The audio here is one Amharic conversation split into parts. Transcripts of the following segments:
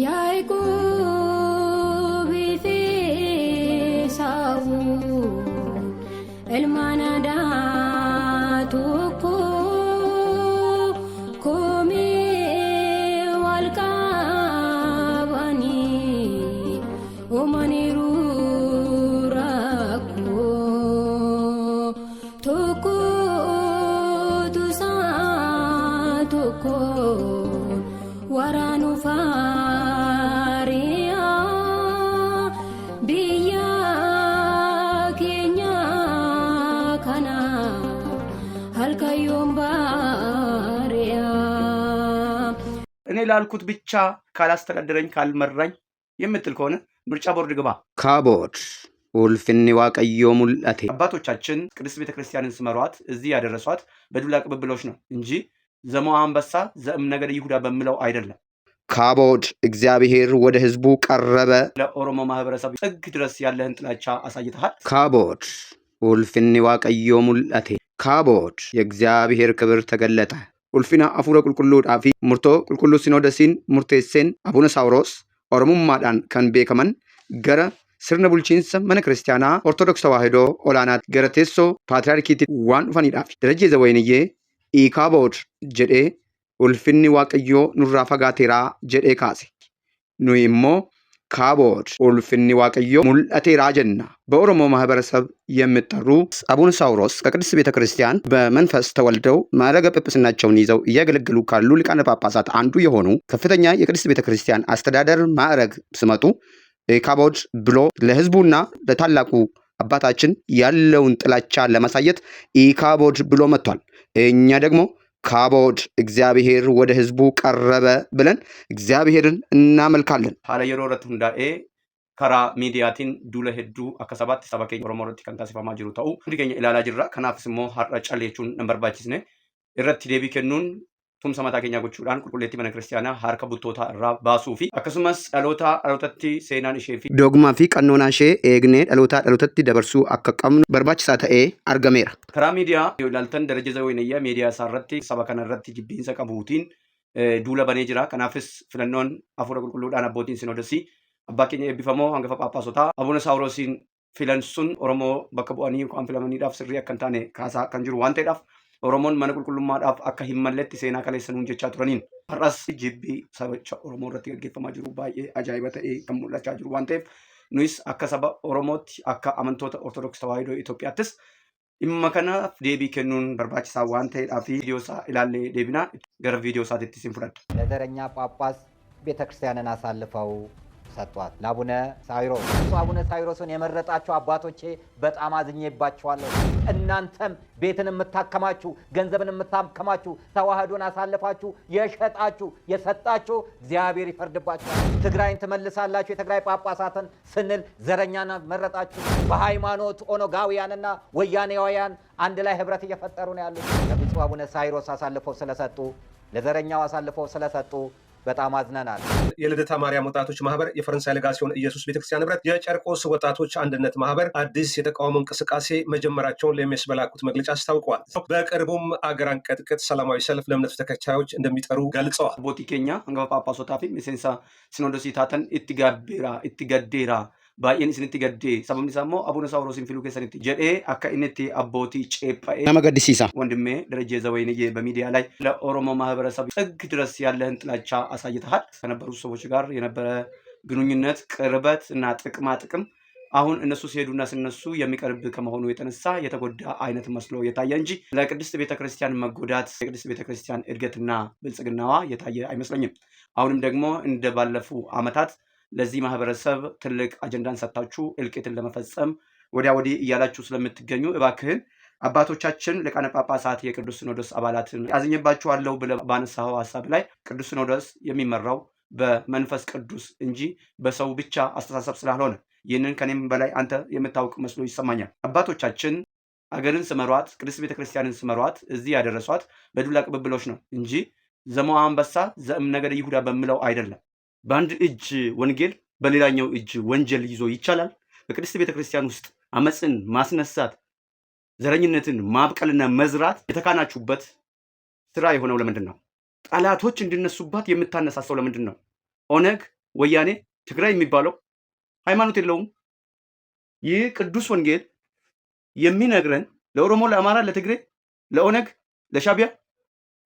ያዕቆብ ኤፌሳው እልማናዳ ቶኮ ኮሜ ዋልቃባኒ ኦማኔሩ ራኮ ቶኮ ቱሳ ቶኮ ስላልኩት ብቻ ካላስተዳደረኝ ካልመራኝ የምትል ከሆነ ምርጫ ቦርድ ግባ። ካቦድ ኡልፍኒ ዋቀዮ ሙላቴ አባቶቻችን ቅድስት ቤተክርስቲያንን ስመሯት እዚህ ያደረሷት በዱላ ቅብብሎች ነው እንጂ ዘመዋ አንበሳ ነገድ ይሁዳ በምለው አይደለም። ካቦድ እግዚአብሔር ወደ ህዝቡ ቀረበ። ለኦሮሞ ማህበረሰብ ጥግ ድረስ ያለህን ጥላቻ አሳይተሃል። ካቦድ ኡልፍኒ ዋቀዮ ሙላቴ ካቦድ የእግዚአብሔር ክብር ተገለጠ። ulfina hafuura qulqulluudhaafi murtoo qulqulluu sinoodasiin murteesseen abuna saawuroos oromummaadhaan kan beekaman gara sirna bulchiinsa mana kiristaanaa ortodoks tawaahidoo olaanaati. gara teessoo paatiraarkiitti waan dhufanidhaaf darajeeza zawayiniyyee hiikaa jedhee ulfinni waaqayyoo nurraa fagaateeraa jedhee kaase nuyi immoo ካቦድ ኡልፍኒ ዋቅዮ ሙልአቴ ራጀና በኦሮሞ ማህበረሰብ የሚጠሩ አቡነ ሳውሮስ ከቅድስት ቤተ ክርስቲያን በመንፈስ ተወልደው ማዕረገ ጵጵስናቸውን ይዘው እያገለገሉ ካሉ ሊቃነ ጳጳሳት አንዱ የሆኑ ከፍተኛ የቅድስት ቤተ ክርስቲያን አስተዳደር ማዕረግ ሲመጡ ካቦድ ብሎ ለህዝቡና ለታላቁ አባታችን ያለውን ጥላቻ ለማሳየት ኢካቦድ ብሎ መጥቷል። እኛ ደግሞ ካቦድ እግዚአብሔር ወደ ህዝቡ ቀረበ ብለን እግዚአብሔርን እናመልካለን። ሀለ የሮ ረቱ ሁንዳኤ ከራ ሚዲያቲን ዱለ ሄዱ አከሰባት ሰባ ኬኛ ኦሮሞ ረቲ ከን ጅሩ ተኡ ሁንዲ ኢላላ ጅራ ከናፍስ ሞ ሀራ ጨሌቹን ነንበርባችስነ irratti deebii kennuun tumsa mataa keenya gochuudhaan qulqulleettii mana kiristaanaa harka buttoota irraa baasuu fi akkasumas dhaloota dhalootatti seenaan ishee fi dogmaa fi qannoonaa ishee eegnee dhaloota dhalootatti dabarsuu akka qabnu barbaachisaa ta'ee argameera. Karaa miidiyaa yoo ilaaltan Darajaa Zawweenayyaa miidiyaa isaa irratti saba kana irratti jibbiinsa qabuutiin duula banee jira. Kanaafis filannoon afuura qulqulluudhaan abbootiin sinoodasii abbaa keenya eebbifamoo hangafa paappaasotaa abuna saawuroosiin filan sun Oromoo bakka bu'anii yookaan filamaniidhaaf sirrii akka hin taane kaasaa kan jiru waan ta'eedhaaf Oromoon mana qulqullummaadhaaf akka hin malletti seenaa kaleessanuun jechaa turaniin har'as jibbi sabacha Oromoo irratti gaggeeffamaa jiru baay'ee ajaa'iba ta'ee kan mul'achaa jiru waan ta'eef nuyis akka saba Oromootti akka amantoota ortodoksi Tawaahidoo Itoophiyaattis dhimma kanaaf deebii kennuun barbaachisaa waan ta'eedhaaf viidiyoo isaa ilaallee deebinaa gara viidiyoo isaatiitti sin fudhadha. ለዘረኛ ጳጳስ ቤተክርስቲያንን አሳልፈው ሰጥቷት ለአቡነ ሳይሮስ እሱ አቡነ ሳይሮስን የመረጣቸው አባቶቼ በጣም አዝኜባቸዋለሁ። እናንተም ቤትን የምታከማችሁ ገንዘብን የምታከማችሁ ተዋህዶን አሳልፋችሁ የሸጣችሁ የሰጣችሁ እግዚአብሔር ይፈርድባችኋል። ትግራይን ትመልሳላችሁ የትግራይ ጳጳሳትን ስንል ዘረኛና መረጣችሁ። በሃይማኖት ኦኖጋውያንና ወያኔውያን አንድ ላይ ህብረት እየፈጠሩ ነው ያሉት። ለብፁዕ አቡነ ሳይሮስ አሳልፈው ስለሰጡ ለዘረኛው አሳልፈው ስለሰጡ በጣም አዝነናል። የልደታ ማርያም ወጣቶች ማህበር፣ የፈረንሳይ ልጋሲዮን ኢየሱስ ቤተክርስቲያን ህብረት፣ የጨርቆስ ወጣቶች አንድነት ማህበር አዲስ የተቃውሞ እንቅስቃሴ መጀመራቸውን ለሚያስበላኩት መግለጫ አስታውቀዋል። በቅርቡም አገር አንቀጥቅጥ ሰላማዊ ሰልፍ ለእምነቱ ተከታዮች እንደሚጠሩ ገልጸዋል። ቦቲኬኛ አንጋፋ ጳጳሶ ሜሴንሳ ሲኖዶስ baay'een isinitti gaddee sababni isaa immoo abuna saawuroos hin filuu keessanitti jedhee akka inni itti abbootii ጨጳኤ nama gaddisiisa ወንድሜ ደረጀ ዘወይንዬ በሚዲያ ላይ ለኦሮሞ ማህበረሰብ ጥግ ድረስ ያለህን ጥላቻ አሳይተሃል። ከነበሩ ሰዎች ጋር የነበረ ግንኙነት ቅርበት እና ጥቅማ ጥቅም አሁን እነሱ ሲሄዱና ሲነሱ የሚቀርብ ከመሆኑ የተነሳ የተጎዳ አይነት መስሎ የታየ እንጂ ለቅድስት ቤተክርስቲያን መጎዳት የቅድስት ቤተክርስቲያን እድገትና ብልጽግናዋ የታየ አይመስለኝም። አሁንም ደግሞ እንደ ባለፉ ዓመታት ለዚህ ማህበረሰብ ትልቅ አጀንዳን ሰጥታችሁ እልቂትን ለመፈጸም ወዲያ ወዲህ እያላችሁ ስለምትገኙ እባክህን አባቶቻችን ሊቃነ ጳጳሳት የቅዱስ ሲኖዶስ አባላትን ያዝኝባችኋለሁ ብለ ባነሳኸው ሀሳብ ላይ ቅዱስ ሲኖዶስ የሚመራው በመንፈስ ቅዱስ እንጂ በሰው ብቻ አስተሳሰብ ስላልሆነ ይህንን ከኔም በላይ አንተ የምታውቅ መስሎ ይሰማኛል። አባቶቻችን አገርን ስመሯት፣ ቅድስት ቤተክርስቲያንን ስመሯት እዚህ ያደረሷት በዱላ ቅብብሎች ነው እንጂ ዘመዋ አንበሳ ዘእም ነገደ ይሁዳ በምለው አይደለም። በአንድ እጅ ወንጌል በሌላኛው እጅ ወንጀል ይዞ ይቻላል? በቅድስት ቤተ ክርስቲያን ውስጥ አመፅን ማስነሳት፣ ዘረኝነትን ማብቀልና መዝራት የተካናችሁበት ስራ የሆነው ለምንድን ነው? ጠላቶች እንዲነሱባት የምታነሳሰው ለምንድን ነው? ኦነግ፣ ወያኔ፣ ትግራይ የሚባለው ሃይማኖት የለውም። ይህ ቅዱስ ወንጌል የሚነግረን ለኦሮሞ፣ ለአማራ፣ ለትግሬ፣ ለኦነግ፣ ለሻቢያ፣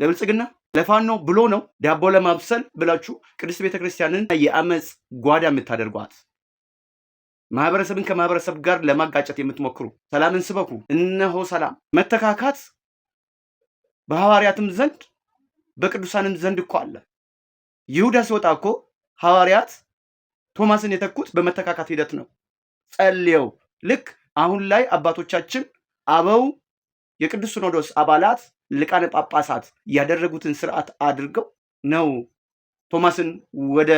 ለብልጽግና ለፋኖ ብሎ ነው ዳቦ ለማብሰል ብላችሁ ቅድስት ቤተክርስቲያንን የአመፅ ጓዳ የምታደርጓት ማህበረሰብን ከማህበረሰብ ጋር ለማጋጨት የምትሞክሩ ሰላምን ስበኩ። እነሆ ሰላም መተካካት በሐዋርያትም ዘንድ በቅዱሳንም ዘንድ እኮ አለ። ይሁዳ ሲወጣ እኮ ሐዋርያት ቶማስን የተኩት በመተካካት ሂደት ነው። ጸልየው ልክ አሁን ላይ አባቶቻችን አበው የቅዱስ ሲኖዶስ አባላት ልቃነ ጳጳሳት ያደረጉትን ስርዓት አድርገው ነው ቶማስን ወደ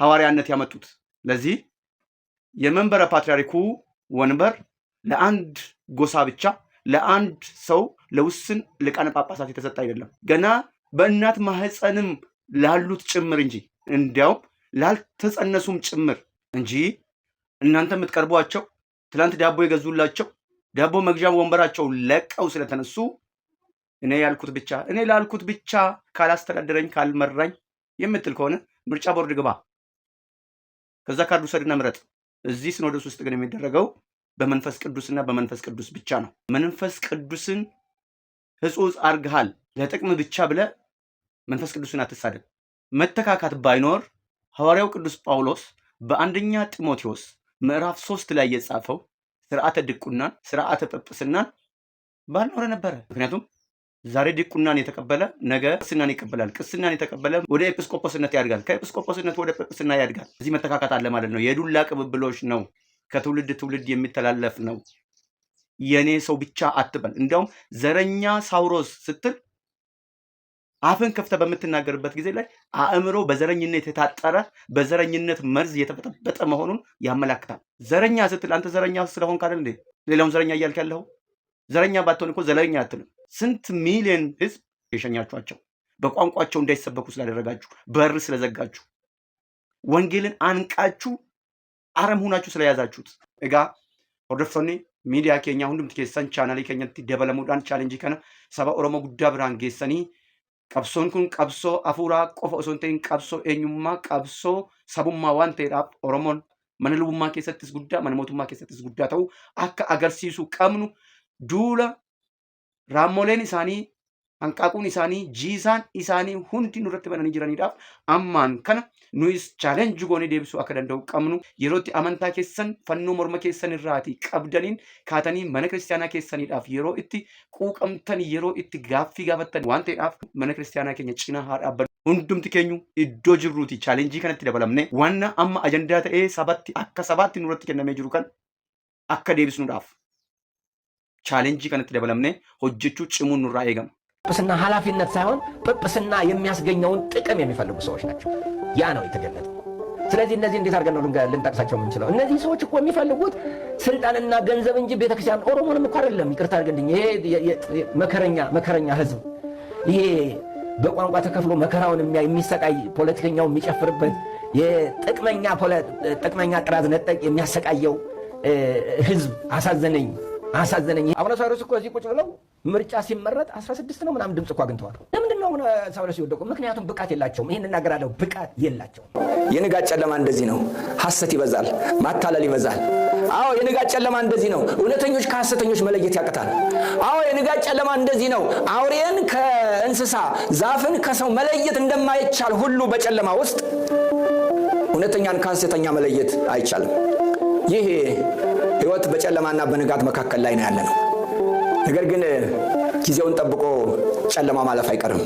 ሐዋርያነት ያመጡት። ለዚህ የመንበረ ፓትርያርኩ ወንበር ለአንድ ጎሳ ብቻ ለአንድ ሰው ለውስን ልቃነ ጳጳሳት የተሰጠ አይደለም፣ ገና በእናት ማህፀንም ላሉት ጭምር እንጂ እንዲያውም ላልተጸነሱም ጭምር እንጂ እናንተ የምትቀርቧቸው ትላንት ዳቦ የገዙላቸው ዳቦ መግዣ ወንበራቸው ለቀው ስለተነሱ እኔ ያልኩት ብቻ እኔ ላልኩት ብቻ ካላስተዳደረኝ ካልመራኝ የምትል ከሆነ ምርጫ ቦርድ ግባ፣ ከዛ ካርዱ ሰድና ምረጥ። እዚህ ሲኖዶስ ውስጥ ግን የሚደረገው በመንፈስ ቅዱስና በመንፈስ ቅዱስ ብቻ ነው። መንፈስ ቅዱስን ሕጹጽ አርግሃል ለጥቅም ብቻ ብለ መንፈስ ቅዱስን አትሳደብ። መተካካት ባይኖር ሐዋርያው ቅዱስ ጳውሎስ በአንደኛ ጢሞቴዎስ ምዕራፍ ሶስት ላይ የጻፈው ስርዓተ ድቁናን ስርዓተ ጵጵስናን ባልኖረ ነበረ። ምክንያቱም ዛሬ ዲቁናን የተቀበለ ነገ ቅስናን ይቀበላል። ቅስናን የተቀበለ ወደ ኤጲስቆጶስነት ያድጋል። ከኤጲስቆጶስነት ወደ ጵጵስና ያድጋል። እዚህ መተካካት አለ ማለት ነው። የዱላ ቅብብሎች ነው። ከትውልድ ትውልድ የሚተላለፍ ነው። የእኔ ሰው ብቻ አትበል። እንዲያውም ዘረኛ ሳውሮስ ስትል አፍን ከፍተ በምትናገርበት ጊዜ ላይ አእምሮ በዘረኝነት የታጠረ በዘረኝነት መርዝ የተበጠበጠ መሆኑን ያመላክታል። ዘረኛ ስትል አንተ ዘረኛ ስለሆን ካለ እንዴ ሌላውን ዘረኛ እያልክ ያለው ዘረኛ ባትሆን እኮ ዘለኛ አትልም። ስንት ሚሊዮን ህዝብ የሸኛችኋቸው በቋንቋቸው እንዳይሰበኩ ስላደረጋችሁ፣ በር ስለዘጋችሁ፣ ወንጌልን አንቃችሁ አረም ሆናችሁ ስለያዛችሁት እጋ ኦደፈኔ ሚዲያ ኬኛ ሁንዱም ኬሰን ቻናል ኬኛ ደበለሙዳን ቻሌንጂ ከነ ሰባ ኦሮሞ ጉዳ ብራን ጌሰኒ ቀብሶን ኩን ቀብሶ አፉራ ቆፈ ኦሶንቴን ቀብሶ ኤኙማ ቀብሶ ሰቡማ ዋን ቴራፍ ኦሮሞን መነ ኬሰትስ ጉዳ መነ ኬሰትስ ጉዳ ተው አካ አገርሲሱ ቀምኑ ዱላ raammoleen isaanii hanqaaquun isaanii jiisaan isaanii hundi nurratti bananii jiraniidhaaf ammaan kana nuyis chaalenji goonee deebisuu akka danda'u qabnu yerootti amantaa keessan fannoo morma keessan irraati qabdaniin kaatanii mana kiristaanaa keessaniidhaaf yeroo itti quuqamtan yeroo itti gaaffii gaafattan waan ta'eedhaaf mana kiristaanaa keenya cinaa haa dhaabbannu. hundumti keenyu iddoo jirruuti chaalenjii kanatti dabalamne wanna amma ajandaa ta'ee sabatti akka sabaatti nurratti kennamee jiru kan akka deebisnuudhaaf ቻሌንጅ ቀንት ደበለምኔ ሆጀቹ ጭሙን ኑራ ኤገም ጵጵስና ኃላፊነት ሳይሆን ጵጵስና የሚያስገኘውን ጥቅም የሚፈልጉ ሰዎች ናቸው። ያ ነው የተገለጠ። ስለዚህ እነዚህ እንዴት አድርገን ነው ልንጠቅሳቸው የምንችለው? እነዚህ ሰዎች እኮ የሚፈልጉት ስልጣንና ገንዘብ እንጂ ቤተክርስቲያን፣ ኦሮሞንም እኮ አይደለም። ይቅርታ አድርገንድኝ። ይሄ መከረኛ መከረኛ ህዝብ ይሄ በቋንቋ ተከፍሎ መከራውን የሚሰቃይ ፖለቲከኛው የሚጨፍርበት የጥቅመኛ ጥራዝ ነጠቅ የሚያሰቃየው ህዝብ አሳዘነኝ። አሳዘነኝ። አቡነ ሳዊሮስ እኮ እዚህ ቁጭ ብለው ምርጫ ሲመረጥ 16 ነው ምናምን ድምፅ እኮ አግኝተዋል። ለምንድን ነው አቡነ ሳዊሮስ ሲወደቁ? ምክንያቱም ብቃት የላቸውም። ይህን እናገራለሁ፣ ብቃት የላቸውም። የንጋት ጨለማ እንደዚህ ነው። ሐሰት ይበዛል፣ ማታለል ይበዛል። አዎ የንጋት ጨለማ እንደዚህ ነው። እውነተኞች ከሐሰተኞች መለየት ያቅታል። አዎ የንጋት ጨለማ እንደዚህ ነው። አውሬን ከእንስሳ ዛፍን ከሰው መለየት እንደማይቻል ሁሉ በጨለማ ውስጥ እውነተኛን ከሐሰተኛ መለየት አይቻልም። ይሄ ህይወት በጨለማና በንጋት መካከል ላይ ነው ያለ ነው። ነገር ግን ጊዜውን ጠብቆ ጨለማ ማለፍ አይቀርም።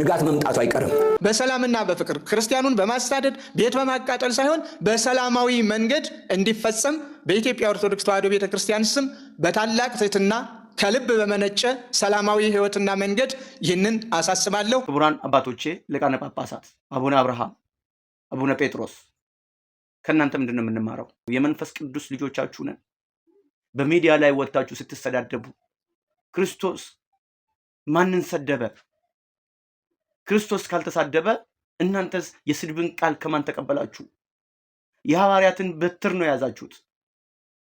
ንጋት መምጣቱ አይቀርም። በሰላምና በፍቅር ክርስቲያኑን በማሳደድ ቤት በማቃጠል ሳይሆን በሰላማዊ መንገድ እንዲፈጸም በኢትዮጵያ ኦርቶዶክስ ተዋሕዶ ቤተ ክርስቲያን ስም በታላቅ ትሕትና ከልብ በመነጨ ሰላማዊ ህይወትና መንገድ ይህንን አሳስባለሁ። ክቡራን አባቶቼ ሊቃነ ጳጳሳት፣ አቡነ አብርሃም፣ አቡነ ጴጥሮስ ከእናንተ ምንድን ነው የምንማረው? የመንፈስ ቅዱስ ልጆቻችሁ ነን። በሚዲያ ላይ ወጥታችሁ ስትሰዳደቡ ክርስቶስ ማንን ሰደበ? ክርስቶስ ካልተሳደበ እናንተስ የስድብን ቃል ከማን ተቀበላችሁ? የሐዋርያትን በትር ነው የያዛችሁት።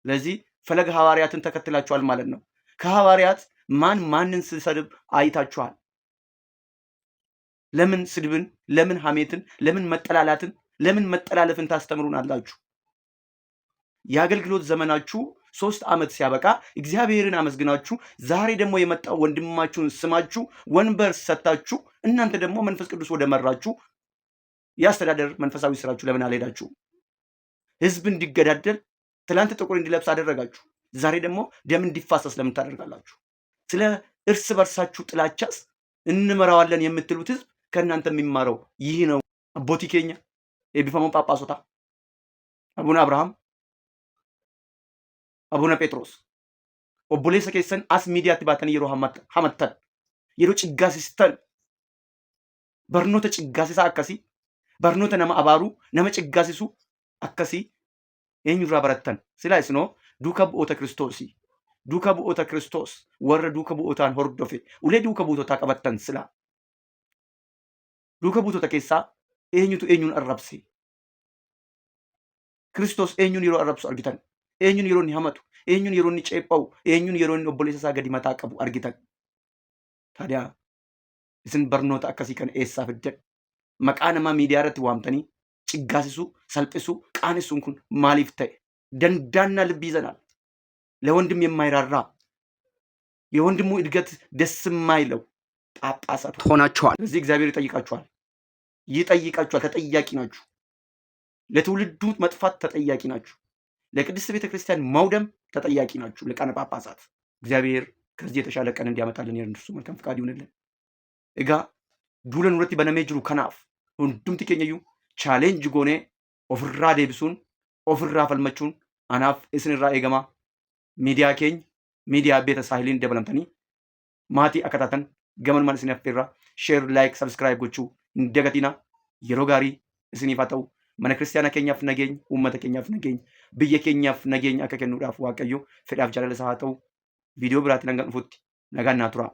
ስለዚህ ፈለገ ሐዋርያትን ተከትላችኋል ማለት ነው። ከሐዋርያት ማን ማንን ስሰድብ አይታችኋል? ለምን ስድብን፣ ለምን ሐሜትን፣ ለምን መጠላላትን፣ ለምን መጠላለፍን ታስተምሩን አላችሁ? የአገልግሎት ዘመናችሁ ሶስት ዓመት ሲያበቃ እግዚአብሔርን አመስግናችሁ ዛሬ ደግሞ የመጣው ወንድማችሁን ስማችሁ ወንበር ሰታችሁ እናንተ ደግሞ መንፈስ ቅዱስ ወደ መራችሁ የአስተዳደር መንፈሳዊ ስራችሁ ለምን አልሄዳችሁ? ህዝብ እንዲገዳደል ትላንት ጥቁር እንዲለብስ አደረጋችሁ። ዛሬ ደግሞ ደም እንዲፋሰስ ለምን ታደርጋላችሁ? ስለ እርስ በርሳችሁ ጥላቻስ እንመራዋለን የምትሉት ህዝብ ከእናንተ የሚማረው ይህ ነው። አቦቲኬኛ የቢፋሞን ጳጳሶታ አቡነ አብርሃም አቡነ ጴጥሮስ ኦቦሌሰ ኬሰን አስ ሚዲያ ትባተን የሮ ሀመተን የሮ ጭጋሴ ስተን በርኖተ ጭጋሴ ሳ አከሲ በርኖተ ነመ ነመ ጭጋሴ አከሲ የኝራ በረተን ስላይስ ኖ ዱከ ብኦተ ክርስቶሲ ዱከ ብኦተ ክርስቶስ ወረ ዱከ ብኦታን ሆርዶፌ ውሌ ዱከ ብኦቶታ ቀበተን ስላ ዱከ ብኦቶተ ኬሳ ኤኙቱ ኤኙን አረብሴ ክርስቶስ ኤኙን ይሮ አረብሱ አርጊተን eenyuun yeroon hamatu eenyuun yeroon ceephaa'u eenyuun yeroon obboleessa isaa gadi mataa qabu argitan. Taadiyaa isin barnoota akkasii kana eessaa fiddan maqaa namaa miidiyaa irratti waamtanii ciggaasisuu salphisuu qaanessuun kun maaliif ta'e dandaanna ልብ ይዘናል። ለወንድም የማይራራ የወንድሙ እድገት ደስ የማይለው ጳጳሳት ሆናችኋል። እዚህ እግዚአብሔር ይጠይቃችኋል ይጠይቃችኋል። ተጠያቂ ናችሁ። ለትውልዱ መጥፋት ተጠያቂ ናችሁ። ለቅድስት ቤተ ክርስቲያን መውደም ተጠያቂ ናችሁ ሊቃነ ጳጳሳት። እግዚአብሔር ከዚህ የተሻለ ቀን እንዲያመጣልን የእርሱ መልካም ፍቃድ ይሆንልን። እጋ ዱለን ሁለት በነሜጅሩ ከናፍ ሁንዱምቲ ትገኘዩ ቻሌንጅ ጎኔ ኦፍራ ዴብሱን ኦፍራ ፈልመቹን አናፍ እስንራ ኤገማ ሚዲያ ኬኝ ሚዲያ ቤተ ሳህሊን ደበለምተኒ ማቲ አከታተን ገመን ማን እስኒ ፌራ ሼር ላይክ ሰብስክራይብ ጎቹ እንደገቲና የሮጋሪ እስኒ እስኒፋ mana kiristaanaa keenyaaf nageenya, uummata keenyaaf nageenya, biyya keenyaaf nageenya akka kennuudhaaf Waaqayyo fedhaaf jaalala isaa haa ta'u. Viidiyoo biraatiin hanga dhufutti nagaan naa tura.